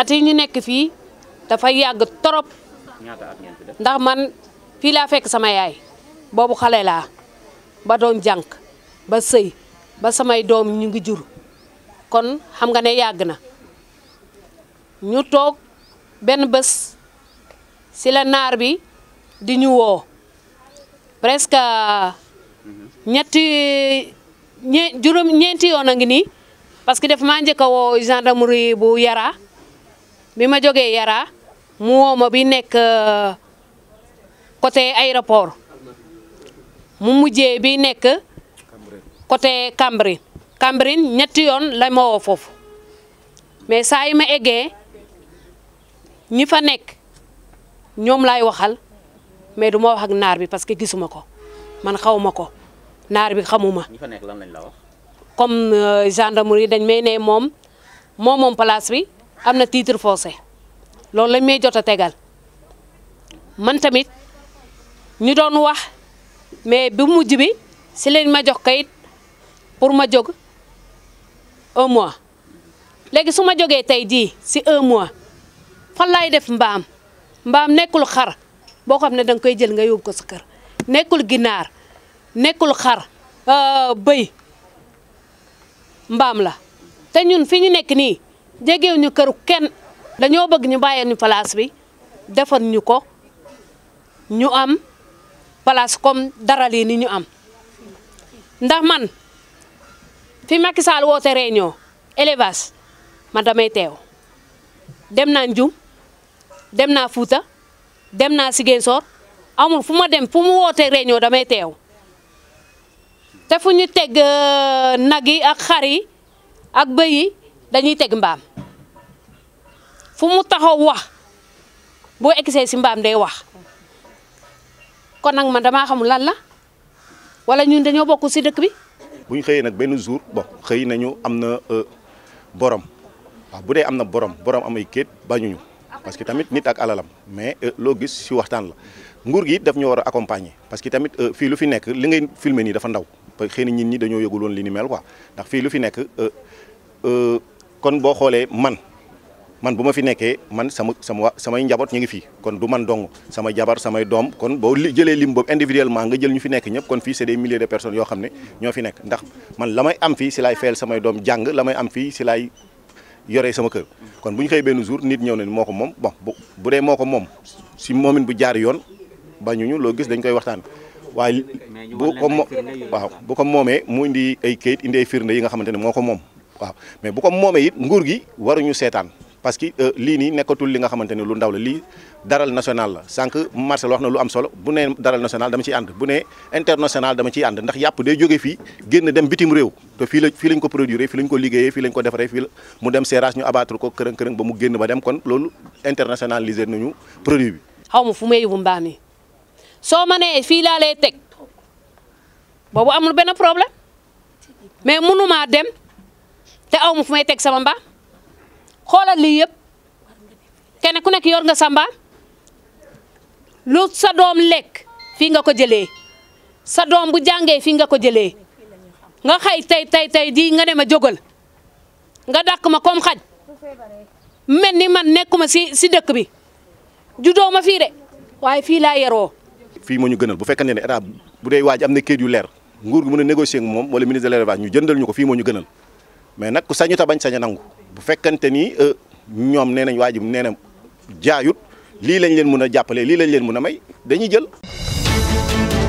at yi ñu nekk fi dafa yàgg torop ndax man filafek samai, fekk sama yaay bobu xalé la ba doon jank ba sey ba samay doom ñu ngi jur kon xam nga ne yàgg na ñu tok ben bés ci la nar bi di ñu wo presque mhm. ñetti ñe jurum ñenti yon nga ni parce que def ma wo gendarmerie bu Yara bi ma jógee Yara mu woo ma bi nekk euh, côté aéroport mu mujjee bi nekk côté Cambérène Cambérène ñetti yoon la ma foofu mais saa yi ma eggee ñi fa nekk ñoom laay waxal mais du ma wax ak naar bi parce que gisuma ko man xawma ko naar bi xamuma ñi fa nekk lan lañ la wax comme euh, gendarmerie dañ may ne moom moo moom place bi am na titre foncé loolu lañ may jot a tegal man tamit ñu doon wax mais bu mujj bi si leen ma jox kayit pour ma jóg au mois léegi su ma jógee tey jii si un mois fan laay def mbaam mbaam nekkul xar boo xam ne danga koy jël nga yóbbu ko sa kër nekkul ginaar nekkul xar euh, bëy mbaam la te ñun fi ñu nekk nii jegew ñu kër kenn dañoo bëgg ñu bayé ñu place bi défar ñu ko ñu am place comme darali ni ñu am ndax man fi Macky Sall wote réunion man damay téw dem na njum dem na Fouta dem sigen sor amul fuma dem fumu wote réunion damay téw té fuñu tégg euh, ak xari ak dañuy tégg mbam fu mu taxaw wax bo egsee ci mbam day wax kon nak man dama xamul lan la wala ñun dañu bokku ci dëkk bi. bu xeyé nak benn jour bo xey nañu amna euh borom wa bu dé amna borom borom amay kéet ñu parce que tamit nit ak alalam mais e, lo gis si waxtan la nguur gi daf ñu wara accompagner parce que tamit e, fi lu fi nek li ngay filmer ni dafa ndaw xeyna nit ñi dañu yëgul li ni mel quoi ndax fi lu fi euh kon bo xolé man. man bu ma fi nekkee man sama sama samay njaboot ñu ngi fi kon du man dong sama jabar samay doom kon boo li jëlee lim boobu individuellement nga jël ñu fi nekk ñëpp kon fii c'est des milliers de personnes yoo xam ne ñoo fi nekk ndax man la may am fii si laay fayal samay doom jàng la may am fii si laay yoree sama kër kon bu ñu xëy benn jour nit ñëw na moo ko moom bon bu dee moo ko moom si moomin bu jaar yoon ba ñu ñu loo gis dañ koy waxtaan waaye bu ko mo ko moomee mu indi ay kayit indi ay yi nga xamante ne moo ko moom waaw mais bu ko moomee it nguur gi waruñu seetaan parce que euh, lii nii nekkatu li nga xamante ne lu ndaw la lii daral national la sànq Marcel wax na lu am solo bu nee daral national dama ciy ànd bu ne international dama ciy ànd ndax yàpp day jóge fii génn dem bitim réew te fii la fii lañ ko produire fii lañ ko liggéeyee fii lañ ko defaree fii la mu dem seeraas ñu abattre ko kërëng kërëng ba mu génn ba dem kon loolu internationaliser nañu produit bi. xaw ma fu may yóbbu mbaam yi soo ma nee fii laa lay teg boobu amul benn problème mais mënumaa dem te ma teg sama xoolal lii yëpp kenn ku nekk yor nga sa mbaam lu sa doom lekk fii nga ko jëlee sa doom bu jàngee fii nga ko jëlee nga xay tey tey tey di nga ne ma jógal nga dàq ma comme xaj mel ni man nekkuma si si dëkk bi juddoo ma fii de waaye fii laa yeroo. fii moo ñu gënal bu fekkee ne état dee waaj am na kayit yu leer nguur gi mën a wala ministre de ñu jëndal ñu ko fii moo ñu gënal mais nakk ku bañ sañ a nangu. bu fekkante ni euh, ñoom nee nañ waajum nee na jaayut lii lañ leen mën a jàppale lii lañ leen mën a may dañuy jël.